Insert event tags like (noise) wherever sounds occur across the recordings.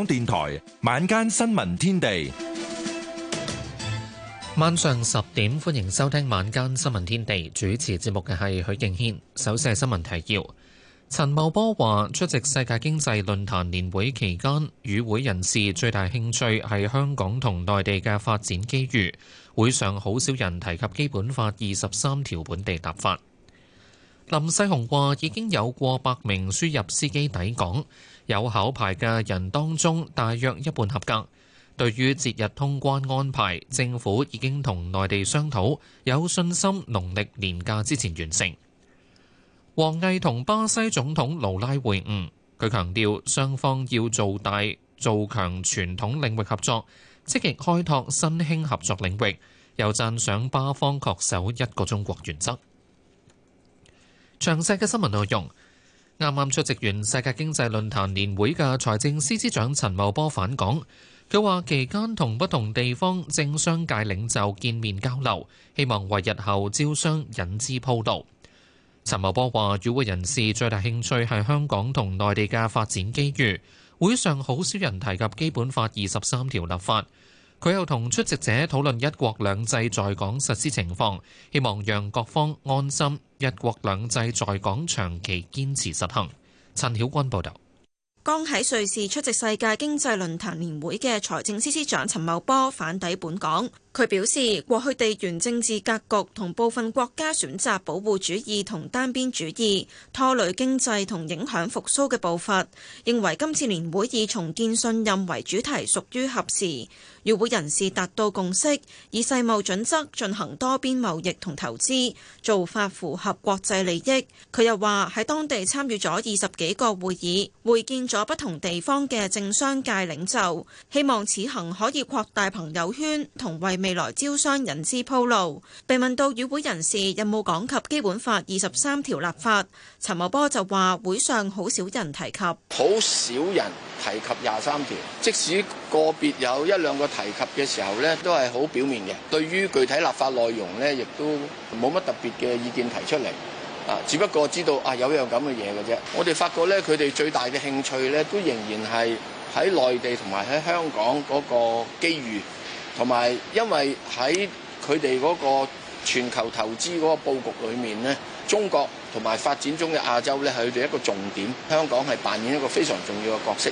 港電台晚間新聞天地，晚上十點歡迎收聽晚間新聞天地。主持節目嘅係許敬軒，首先係新聞提要。陳茂波話，出席世界經濟論壇年會期間，與會人士最大興趣係香港同內地嘅發展機遇。會上好少人提及基本法二十三條本地立法。林世雄話，已經有過百名輸入司機抵港。有考牌嘅人當中，大約一半合格。對於節日通關安排，政府已經同內地商討，有信心農曆年假之前完成。王毅同巴西總統盧拉會晤，佢強調雙方要做大做強傳統領域合作，積極開拓新興合作領域，又讚賞巴方確守一個中國原則。詳細嘅新聞內容。啱啱出席完世界經濟論壇年會嘅財政司司長陳茂波返港，佢話期間同不同地方政商界領袖見面交流，希望為日後招商引資鋪路。陳茂波話與會人士最大興趣係香港同內地嘅發展機遇，會上好少人提及基本法二十三條立法。佢又同出席者討論一國兩制在港實施情況，希望讓各方安心一國兩制在港長期堅持實行。陳曉君報導。剛喺瑞士出席世界經濟論壇年會嘅財政司司長陳茂波返抵本港。佢表示，過去地緣政治格局同部分國家選擇保護主義同單邊主義，拖累經濟同影響復蘇嘅步伐。認為今次年會以重建信任為主題，屬於合時。與會人士達到共識，以世貿準則進行多邊貿易同投資，做法符合國際利益。佢又話喺當地參與咗二十幾個會議，會見咗不同地方嘅政商界領袖，希望此行可以擴大朋友圈同為美未來招商人士鋪路，被問到與會人士有冇講及基本法二十三條立法？陳茂波就話：會上好少人提及，好少人提及廿三條，即使個別有一兩個提及嘅時候咧，都係好表面嘅。對於具體立法內容咧，亦都冇乜特別嘅意見提出嚟。啊，只不過知道啊有一樣咁嘅嘢嘅啫。我哋發覺咧，佢哋最大嘅興趣咧，都仍然係喺內地同埋喺香港嗰個機遇。同埋，因為喺佢哋嗰個全球投資嗰個佈局裏面咧，中國同埋發展中嘅亞洲咧係佢哋一個重點，香港係扮演一個非常重要嘅角色。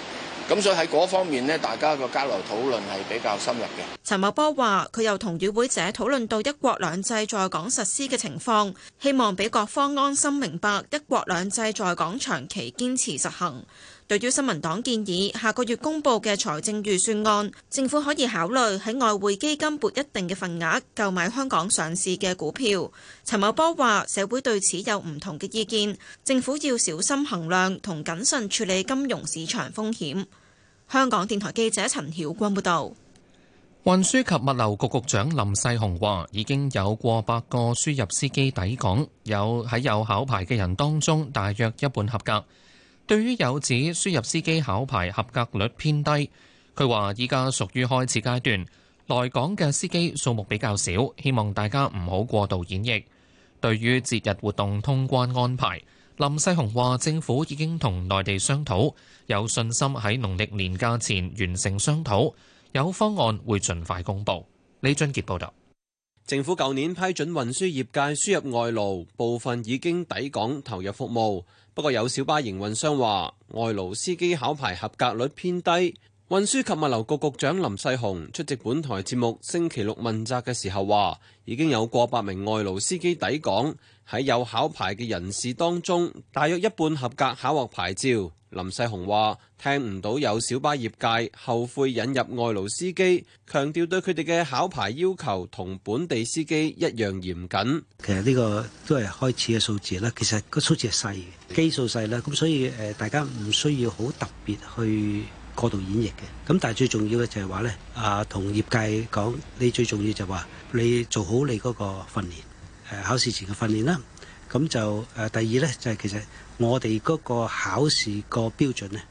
咁所以喺嗰方面咧，大家個交流討論係比較深入嘅。陳茂波話，佢又同與會者討論到一國兩制在港實施嘅情況，希望俾各方安心明白一國兩制在港長期堅持實行。對於新民黨建議，下個月公布嘅財政預算案，政府可以考慮喺外匯基金撥一定嘅份額，購買香港上市嘅股票。陳茂波話：社會對此有唔同嘅意見，政府要小心衡量同謹慎處理金融市場風險。香港電台記者陳曉君報導。運輸及物流局局長林世雄話：已經有過百個輸入司機抵港，有喺有考牌嘅人當中，大約一半合格。對於有指輸入司機考牌合格率偏低，佢話依家屬於開始階段，來港嘅司機數目比較少，希望大家唔好過度演繹。對於節日活動通關安排，林世雄話政府已經同內地商討，有信心喺農曆年假前完成商討，有方案會盡快公布。李俊傑報導。政府舊年批准運輸業界輸入外勞，部分已經抵港投入服務。不過有小巴營運商話，外勞司機考牌合格率偏低。運輸及物流局局長林世雄出席本台節目星期六問責嘅時候話，已經有過百名外勞司機抵港。喺有考牌嘅人士當中，大約一半合格考獲牌照。林世雄話聽唔到有小巴業界後悔引入外勞司機，強調對佢哋嘅考牌要求同本地司機一樣嚴謹。其實呢個都係開始嘅數字啦，其實個數字係細嘅，基數細啦，咁所以誒大家唔需要好特別去。過度演繹嘅，咁但係最重要嘅就係話咧，啊，同業界講，你最重要就話，你做好你嗰個訓練、啊，考試前嘅訓練啦。咁就誒、啊、第二咧，就係、是、其實，我哋嗰個考試個標準咧，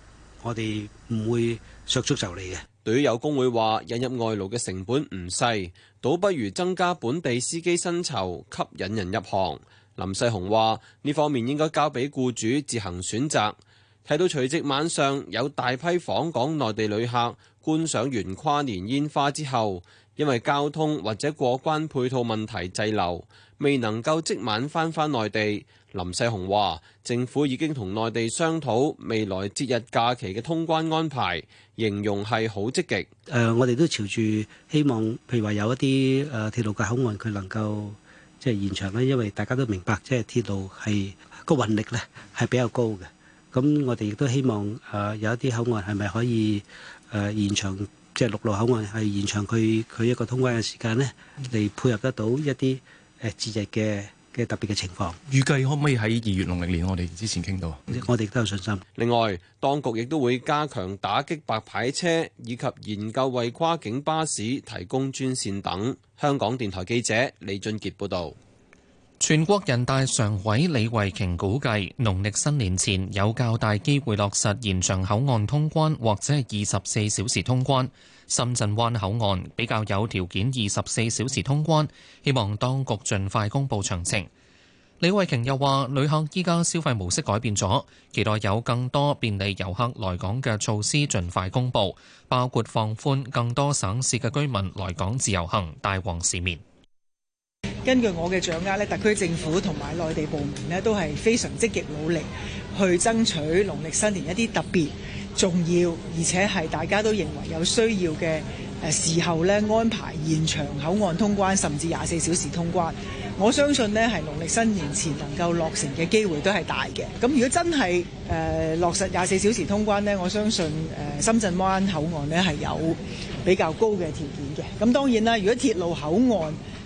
我哋唔會削足就履嘅。對於有工會話引入外勞嘅成本唔細，倒不如增加本地司機薪酬吸引人入行。林世雄話，呢方面應該交俾雇主自行選擇。睇到除夕晚上有大批訪港內地旅客觀賞完跨年煙花之後，因為交通或者過關配套問題滯留，未能夠即晚返返內地。林世雄話：政府已經同內地商討未來節日假期嘅通關安排，形容係好積極。誒、呃，我哋都朝住希望，譬如話有一啲誒鐵路嘅口岸佢能夠即係延長呢，因為大家都明白，即係鐵路係個運力呢係比較高嘅。咁我哋亦都希望誒有一啲口岸係咪可以誒延長，即係陸路口岸係延長佢佢一個通關嘅時間咧，嚟配合得到一啲誒節日嘅嘅特別嘅情況，預計可唔可以喺二月農曆年我哋之前傾到？我哋都有信心。另外，當局亦都會加強打擊白牌車，以及研究為跨境巴士提供專線等。香港電台記者李俊傑報道。全國人大常委李慧瓊估計，農曆新年前有較大機會落實延長口岸通關或者係二十四小時通關。深圳灣口岸比較有條件二十四小時通關，希望當局盡快公布詳情。李慧瓊又話，旅客依家消費模式改變咗，期待有更多便利遊客來港嘅措施盡快公布，包括放寬更多省市嘅居民來港自由行，大旺市面。根據我嘅掌握咧，特區政府同埋內地部門咧都係非常積極努力去爭取農曆新年一啲特別重要而且係大家都認為有需要嘅誒時候咧，安排現場口岸通關甚至廿四小時通關。我相信咧係農曆新年前能夠落成嘅機會都係大嘅。咁如果真係落實廿四小時通關，我相信深圳灣口岸咧係有比較高嘅條件嘅。咁當然啦，如果鐵路口岸，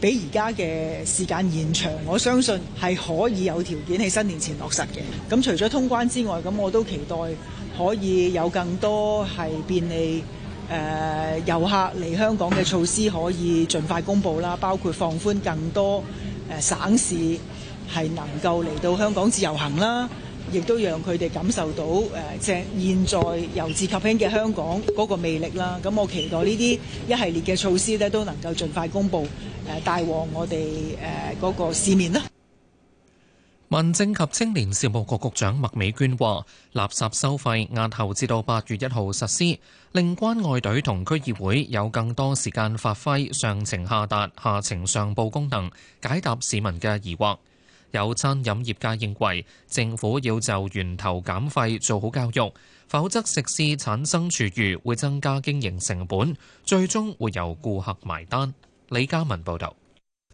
比而家嘅時間延長，我相信係可以有條件喺新年前落實嘅。咁除咗通關之外，咁我都期待可以有更多係便利誒、呃、遊客嚟香港嘅措施可以盡快公布啦，包括放寬更多、呃、省市係能夠嚟到香港自由行啦，亦都讓佢哋感受到誒即、呃、現在由治及興嘅香港嗰個魅力啦。咁我期待呢啲一系列嘅措施咧都能夠盡快公布。誒帶旺我哋誒嗰個市面啦。民政及青年事務局局長麥美娟話垃圾收費押後至到八月一號實施，令關愛隊同區議會有更多時間發揮上情下達、下情上報功能，解答市民嘅疑惑。有餐飲業界認為政府要就源頭減廢做好教育，否則食肆產生廚餘會增加經營成本，最終會由顧客埋單。李嘉文報道，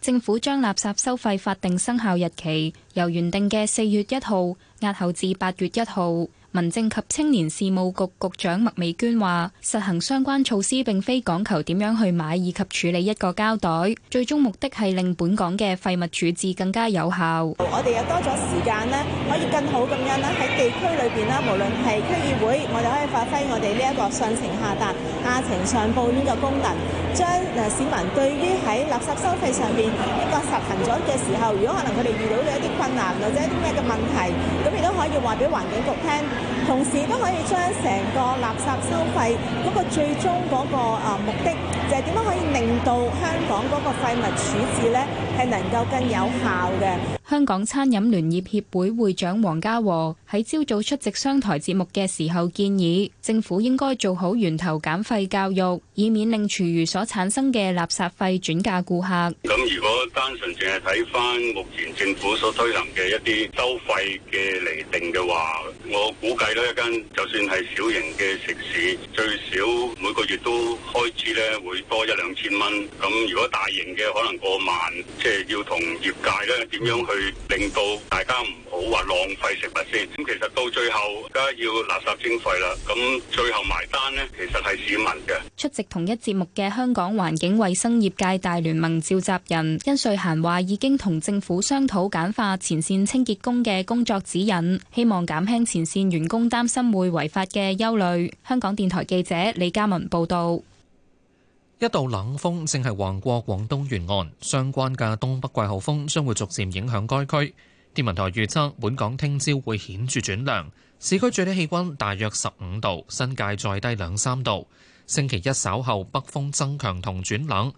政府將垃圾收費法定生效日期由原定嘅四月一號押後至八月一號。民政及青年事務局局長麥美娟話，實行相關措施，並非講求點樣去買以及處理一個膠袋，最終目的係令本港嘅廢物處置更加有效。我哋又多咗時間可以更好咁樣咧喺地區裏邊啦，無論係區議會，我哋可以發揮我哋呢一個上情下達、下情上報呢個功能，將誒市民對於喺垃圾收費上邊一個實行咗嘅時候，如果可能佢哋遇到咗一啲困難，或者一啲咩嘅問題，咁亦都可以話俾環境局聽。同時都可以將成個垃圾收費嗰個最終嗰個啊目的，就係點樣可以令到香港嗰個廢物處置咧係能夠更有效嘅。香港餐飲聯業協會會長黃家和喺朝早出席商台節目嘅時候建議，政府應該做好源頭減廢教育，以免令廚餘所產生嘅垃圾費轉嫁顧客。咁如果單純淨係睇翻目前政府所推行嘅一啲收費嘅釐定嘅話，我估。估計咧，一間就算係小型嘅食肆，最少每個月都開支咧會多一兩千蚊。咁如果大型嘅可能過萬，即係要同業界咧點樣去令到大家唔好話浪費食物先。咁其實到最後，而家要垃圾徵費啦。咁最後埋單咧，其實係市民嘅。出席同一節目嘅香港環境衞生業界大聯盟召集人甄瑞賢話：已經同政府商討簡化前線清潔工嘅工作指引，希望減輕前線員。員工擔心會違法嘅憂慮。香港電台記者李嘉文報道：一道冷鋒正係橫過廣東沿岸，相關嘅東北季候風將會逐漸影響該區。天文台預測，本港聽朝會顯著轉涼，市區最低氣温大約十五度，新界再低兩三度。星期一稍後北風增強同轉冷，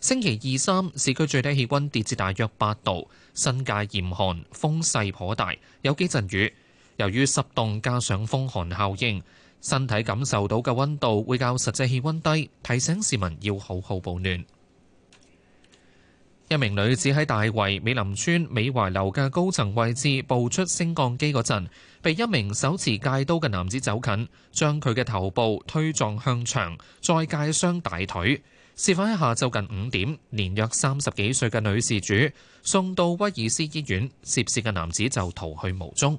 星期二、三市區最低氣温跌至大約八度，新界嚴寒，風勢頗大，有幾陣雨。由於濕凍加上風寒效應，身體感受到嘅溫度會較實際氣溫低，提醒市民要好好保暖。一名女子喺大圍美林村美槐樓嘅高層位置，步出升降機嗰陣，被一名手持鎅刀嘅男子走近，將佢嘅頭部推撞向牆，再鎅傷大腿。事發喺下晝近五點，年約三十幾歲嘅女事主送到威爾斯醫院，涉事嘅男子就逃去無蹤。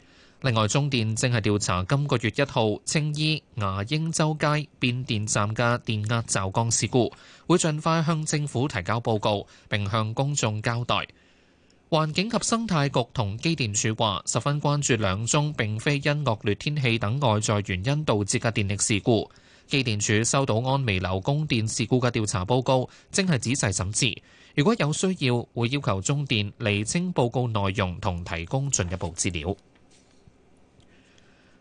另外，中電正係調查今個月一號青衣牙鷹洲街變電站嘅電壓驟降事故，會盡快向政府提交報告，並向公眾交代。環境及生態局同機電署話，十分關注兩宗並非因惡劣天氣等外在原因導致嘅電力事故。機電署收到安微樓供電事故嘅調查報告，正係仔細審視，如果有需要，會要求中電釐清報告內容同提供進一步資料。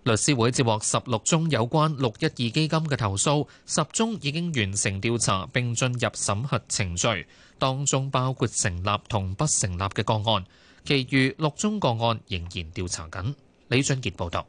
律師會接獲十六宗有關六一二基金嘅投訴，十宗已經完成調查並進入審核程序，當中包括成立同不成立嘅個案，其餘六宗個案仍然調查緊。李俊杰報道，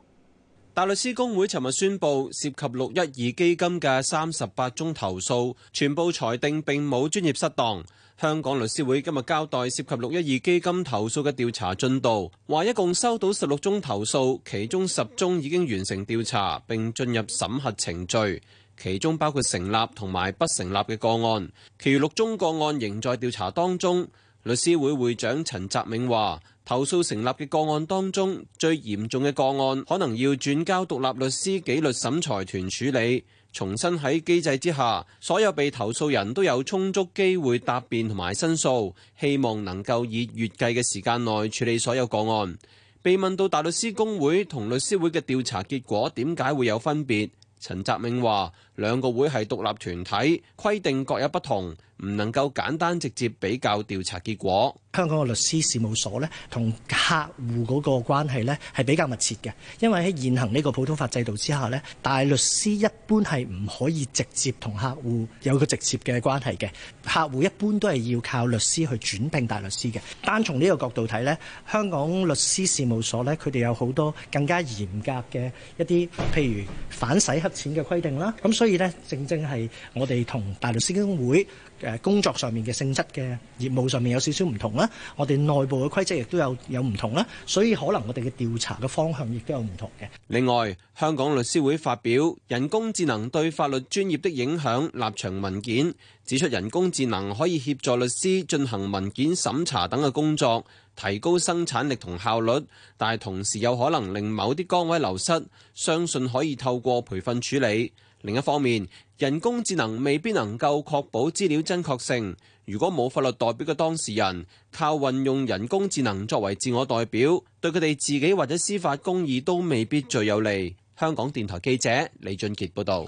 大律師公會尋日宣布涉及六一二基金嘅三十八宗投訴，全部裁定並冇專業失當。香港律師會今日交代涉及六一二基金投訴嘅調查進度，話一共收到十六宗投訴，其中十宗已經完成調查並進入審核程序，其中包括成立同埋不成立嘅個案，其餘六宗個案仍在調查當中。律師會會長陳澤銘話：投訴成立嘅個案當中最嚴重嘅個案，可能要轉交獨立律師紀律審裁團處理。重新喺機制之下，所有被投訴人都有充足機會答辯同埋申訴，希望能夠以月計嘅時間內處理所有個案。被問到大律師公會同律師會嘅調查結果點解會有分別，陳澤銘話。兩個會係獨立團體，規定各有不同，唔能夠簡單直接比較調查結果。香港嘅律師事務所咧，同客戶嗰個關係咧係比較密切嘅，因為喺現行呢個普通法制度之下咧，大律師一般係唔可以直接同客戶有個直接嘅關係嘅，客戶一般都係要靠律師去轉聘大律師嘅。單從呢個角度睇咧，香港律師事務所咧，佢哋有好多更加嚴格嘅一啲，譬如反洗黑錢嘅規定啦，咁。所以呢，正正係我哋同大律師公會誒工作上面嘅性質嘅業務上面有少少唔同啦。我哋內部嘅規則亦都有有唔同啦，所以可能我哋嘅調查嘅方向亦都有唔同嘅。另外，香港律師會發表人工智能對法律專業的影響立場文件，指出人工智能可以協助律師進行文件審查等嘅工作，提高生產力同效率，但係同時有可能令某啲崗位流失，相信可以透過培訓處理。另一方面，人工智能未必能夠確保資料真確性。如果冇法律代表嘅當事人，靠運用人工智能作為自我代表，對佢哋自己或者司法公義都未必最有利。香港電台記者李俊傑報導。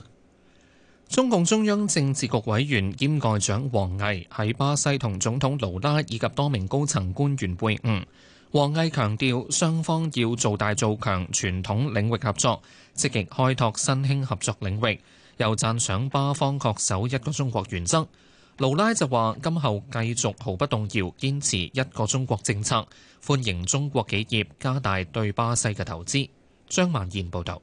中共中央政治局委員兼外長王毅喺巴西同總統盧拉以及多名高層官員會晤。王毅強調，雙方要做大做強傳統領域合作，積極開拓新興合作領域。又讚賞巴方恪守一個中國原則。盧拉就話，今後繼續毫不動搖堅持一個中國政策，歡迎中國企業加大對巴西嘅投資。張曼燕報導。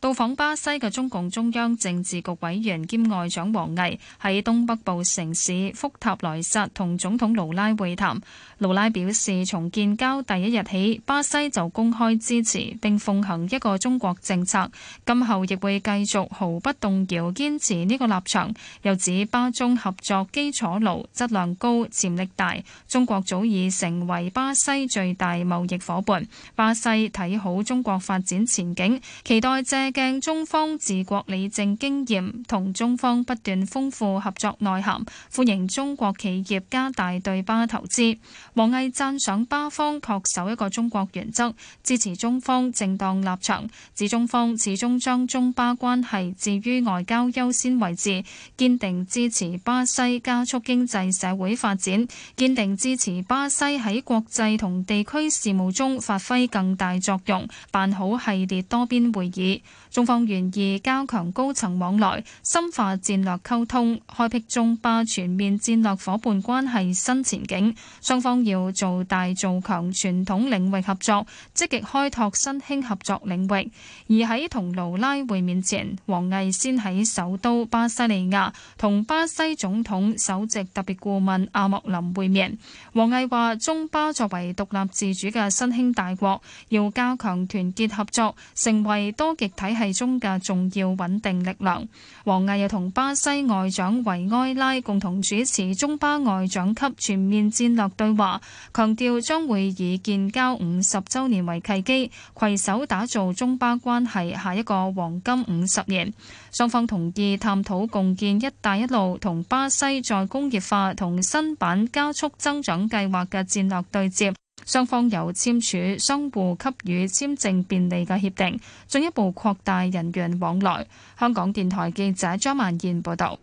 到訪巴西嘅中共中央政治局委員兼外長王毅喺東北部城市福塔萊薩同總統盧拉會談。盧拉表示，從建交第一日起，巴西就公開支持並奉行一個中國政策，今後亦會繼續毫不動搖堅持呢個立場。又指巴中合作基礎牢、質量高、潛力大，中國早已成為巴西最大貿易夥伴。巴西睇好中國發展前景，期待借鏡中方治國理政經驗，同中方不斷豐富合作內涵，歡迎中國企業加大對巴投資。王毅讚賞巴方恪守一個中國原則，支持中方正當立場，指中方始終將中巴關係置於外交優先位置，堅定支持巴西加速經濟社會發展，堅定支持巴西喺國際同地區事務中發揮更大作用，辦好系列多邊會議。中方願意加強高層往來，深化戰略溝通，開闢中巴全面戰略夥伴關係新前景。雙方要做大做強傳統領域合作，積極開拓新興合作領域。而喺同盧拉會面前，王毅先喺首都巴西利亞同巴西總統首席特別顧問阿莫林會面。王毅話：中巴作為獨立自主嘅新興大國，要加強團結合作，成為多極體體系中嘅重要穩定力量。王毅又同巴西外長維埃拉共同主持中巴外長級全面戰略對話，強調將會以建交五十周年為契機，攜手打造中巴關係下一個黃金五十年。雙方同意探討共建“一帶一路”同巴西在工業化同新版加速增長計劃嘅戰略對接。雙方有簽署相互給予簽證便利嘅協定，進一步擴大人員往來。香港電台記者張萬燕報道。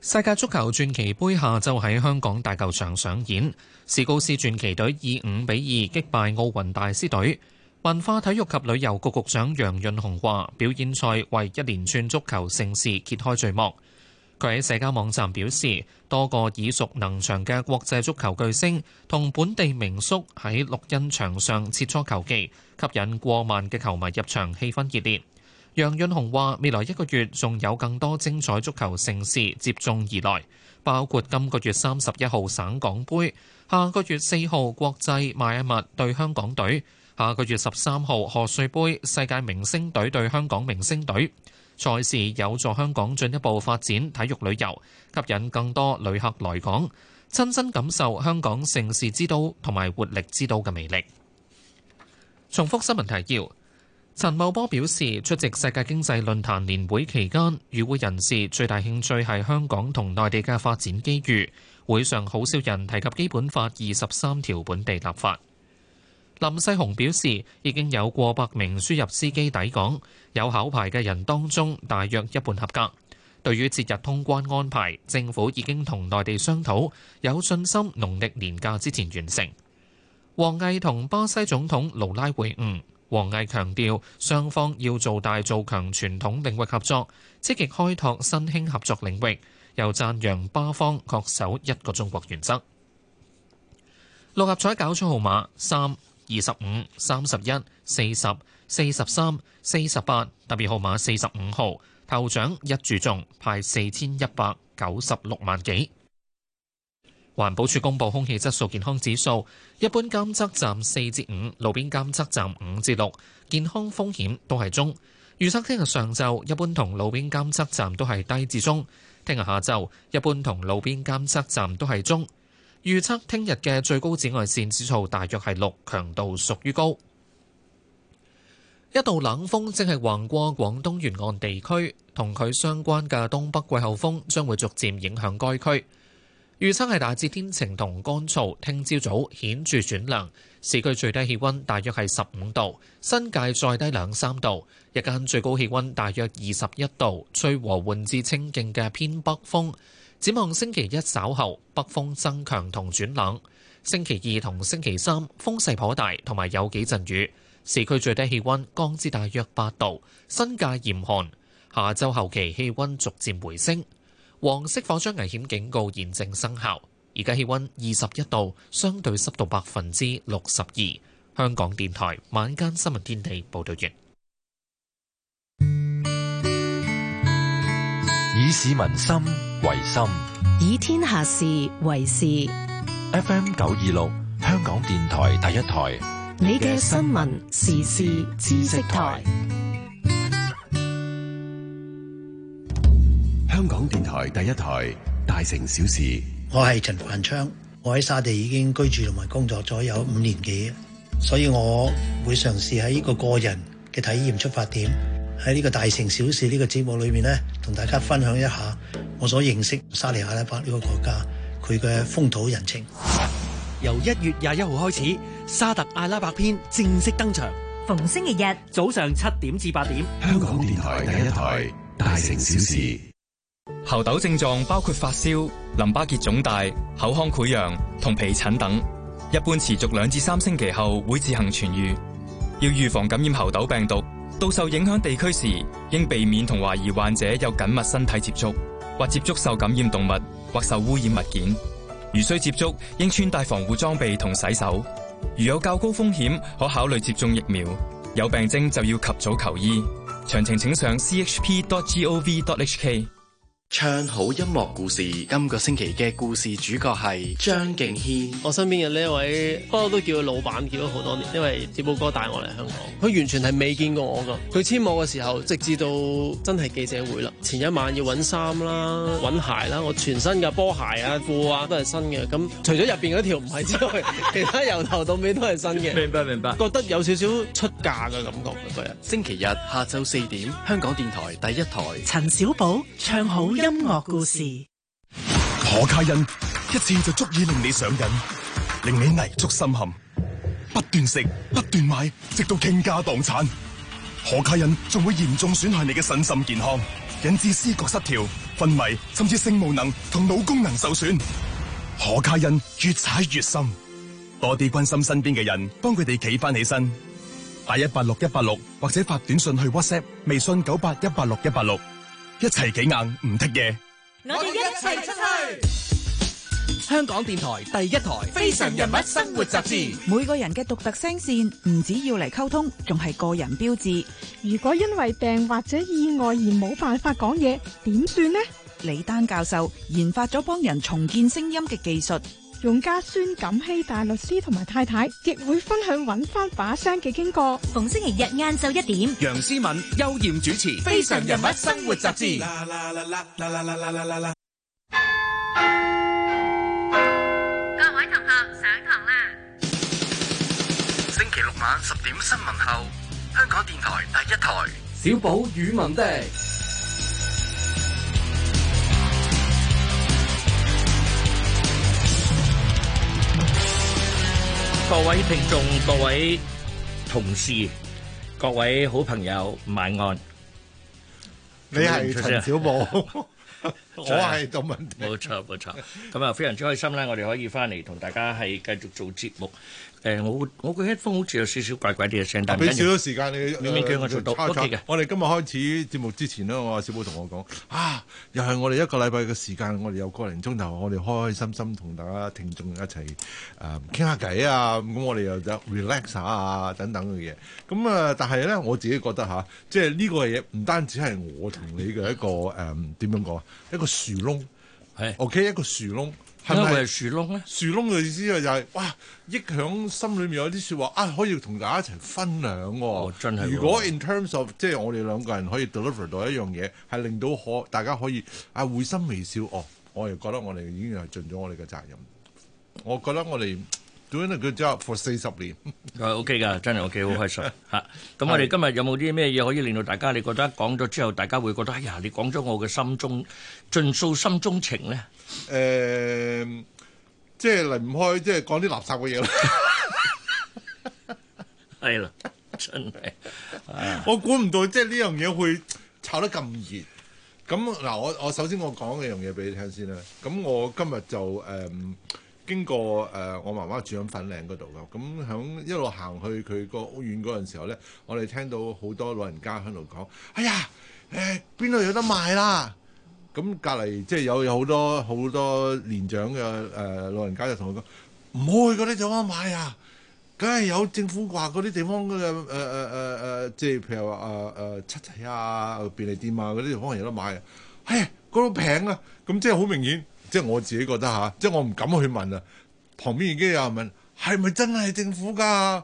世界足球傳奇杯下晝喺香港大球場上演，史高斯傳奇隊以五比二擊敗奧運大師隊。文化體育及旅遊局局長楊潤雄話，表演賽為一連串足球盛事揭開序幕。佢喺社交網站表示，多個耳熟能詳嘅國際足球巨星同本地名宿喺綠茵場上切磋球技，吸引過萬嘅球迷入場，氣氛熱烈。楊潤雄話：未來一個月仲有更多精彩足球盛事接踵而來，包括今個月三十一號省港杯，下個月四號國際邁阿密對香港隊，下個月十三號賀歲杯世界明星隊對香港明星隊。賽事有助香港進一步發展體育旅遊，吸引更多旅客來港，親身感受香港盛事之都同埋活力之都嘅魅力。重複新聞提要：陳茂波表示，出席世界經濟論壇年會期間與會人士最大興趣係香港同內地嘅發展機遇。會上好少人提及基本法二十三條本地立法。林世雄表示，已經有過百名輸入司機抵港，有考牌嘅人當中，大約一半合格。對於節日通關安排，政府已經同內地商討，有信心農曆年假之前完成。王毅同巴西總統盧拉會晤、呃，王毅強調，雙方要做大做強傳統領域合作，積極開拓新興合作領域，又讚揚巴方恪守一個中國原則。六合彩搞出號碼三、二十五、三十一、四十、四十三、四十八，特別號碼四十五號，頭獎一注中，派四千一百九十六萬幾。環保署公布空氣質素健康指數，一般監測站四至五，5，路邊監測站五至六，6，健康風險都係中。預測聽日上晝一般同路邊監測站都係低至中，聽日下晝一般同路邊監測站都係中。預測聽日嘅最高紫外線指數大約係六，強度屬於高。一道冷鋒正係橫過廣東沿岸地區，同佢相關嘅東北季候風將會逐漸影響該區。預測係大致天晴同乾燥，聽朝早顯著轉涼，市區最低氣溫大約係十五度，新界再低兩三度，日間最高氣溫大約二十一度，吹和緩至清勁嘅偏北風。展望星期一稍後，北風增強同轉冷。星期二同星期三風勢頗大，同埋有幾陣雨。市區最低氣温降至大約八度，新界嚴寒。下周後期氣温逐漸回升。黃色火災危險警告現正生效。而家氣温二十一度，相對濕度百分之六十二。香港電台晚間新聞天地報道完。以市民心為心，以天下事為事。FM 九二六，香港電台第一台，你嘅新聞時事知識台。香港電台第一台，大城小事。我係陳繁昌，我喺沙地已經居住同埋工作咗有五年幾，所以我會嘗試喺呢個個人嘅體驗出發點。喺呢個大城小事呢個節目裏面呢，同大家分享一下我所認識沙利亞拉伯呢個國家佢嘅風土人情。1 由一月廿一號開始，《沙特阿拉伯篇》正式登場，逢星期日早上七點至八點，香港電台第一台一台《大城小事》。猴痘症狀包括發燒、淋巴結腫大、口腔潰瘍同皮疹等，一般持續兩至三星期後會自行痊癒。要預防感染猴痘病毒。到受影響地區時，應避免同懷疑患者有緊密身體接觸，或接觸受感染動物，或受污染物件。如需接觸，應穿戴防護裝備同洗手。如有較高風險，可考慮接種疫苗。有病徵就要及早求醫。詳情請上 chp.gov.hk。唱好音樂故事，今個星期嘅故事主角係張敬軒。我身邊嘅呢位，不嬲都叫佢老闆，叫咗好多年，因為小寶哥帶我嚟香港，佢完全係未見過我噶。佢簽我嘅時候，直至到真係記者會啦。前一晚要揾衫啦，揾鞋啦，我全身嘅波鞋啊、褲啊都係新嘅。咁除咗入邊嗰條唔係之外， (laughs) 其他由頭到尾都係新嘅。明白明白，覺得有少少出嫁嘅感覺。今日星期日下晝四點，香港電台第一台，陳小寶唱好。音樂故事，可卡因一次就足以令你上癮，令你泥足深陷，不斷食不斷買，直到傾家蕩產。可卡因仲會嚴重損害你嘅身心健康，引致思覺失調、昏迷，甚至性無能同腦功能受損。可卡因越踩越深，多啲關心身邊嘅人，幫佢哋企返起身。打一八六一八六，6，或者發短信去 WhatsApp、微信九八一八六一八六。一齊幾硬唔得嘢，我哋一齊出去。香港電台第一台《非常人物生活雜誌》，每個人嘅獨特聲線唔只要嚟溝通，仲係個人標誌。如果因為病或者意外而冇辦法講嘢，點算呢？李丹教授研發咗幫人重建聲音嘅技術。用家孫錦熙大律師同埋太太亦會分享搵翻把聲嘅經過。逢星期日晏晝一點，楊思敏、邱艷主持《非常人物生活雜誌》。啦啦啦啦啦啦啦啦啦！各位同學上堂啦！星期六晚十點新聞後，香港電台第一台小寶語文的。各位聽眾、各位同事、各位好朋友，晚安。你係陳小寶，我係杜文。冇錯冇錯，咁啊，非常之開心啦！我哋可以翻嚟同大家係繼續做節目。誒、欸、我我個 headphone 好似有少少怪怪啲嘅聲，但係俾少少時間你，你咪叫我做到、呃、OK 嘅的。我哋今日開始節目之前咧，我阿小寶同我講啊，又係我哋一個禮拜嘅時間，我哋有個零鐘頭，我哋開開心心同大家聽眾一齊誒傾下偈啊，咁我哋又 relax 下啊等等嘅嘢。咁啊，但係咧，我自己覺得嚇、啊，即係呢個嘢唔單止係我同你嘅一個誒點、嗯、樣講啊，一個樹窿係的 OK，一個樹窿。係咪會係樹窿咧？樹窿嘅意思啊、就係,就係哇益響心裏面有啲說話啊，可以同大家一齊分享喎、哦。哦真係哦、如果 in terms of 即係我哋兩個人可以 deliver 到一樣嘢，係令到可大家可以啊會心微笑哦，我哋覺得我哋已經係盡咗我哋嘅責任。我覺得我哋 doing a good job for 四十年，誒、 (laughs) 哦、，ok 噶，真係 ok，好開心吓。咁、 (laughs) 啊、我哋今日有冇啲咩嘢可以令到大家你覺得講咗之後，大家會覺得哎呀，你講咗我嘅心中盡訴心中情咧？誒，即係離唔開，即係講啲垃圾嘅嘢，係啦，真係，哎、我估唔到即係呢樣嘢會炒得咁熱。咁嗱，我我首先我講一樣嘢俾你聽先啦。咁我今日就誒、呃、經過誒、呃、我媽媽住響粉嶺嗰度噶，咁響一路行去佢個屋苑嗰陣時候咧，我哋聽到好多老人家喺度講：哎呀，誒邊度有得賣啦！咁隔離即係有有好多好多年長嘅誒、呃、老人家就同我講：唔好去嗰啲地方買啊！梗係有政府話嗰啲地方嘅誒誒誒誒，即係譬如話啊啊七仔啊、便利店啊嗰啲地方有得買，哎嗰度平啊！咁、哎、即係好明顯，即、就、係、是、我自己覺得吓、啊，即係我唔敢去問啦。旁邊已經有人問：係咪真係政府㗎？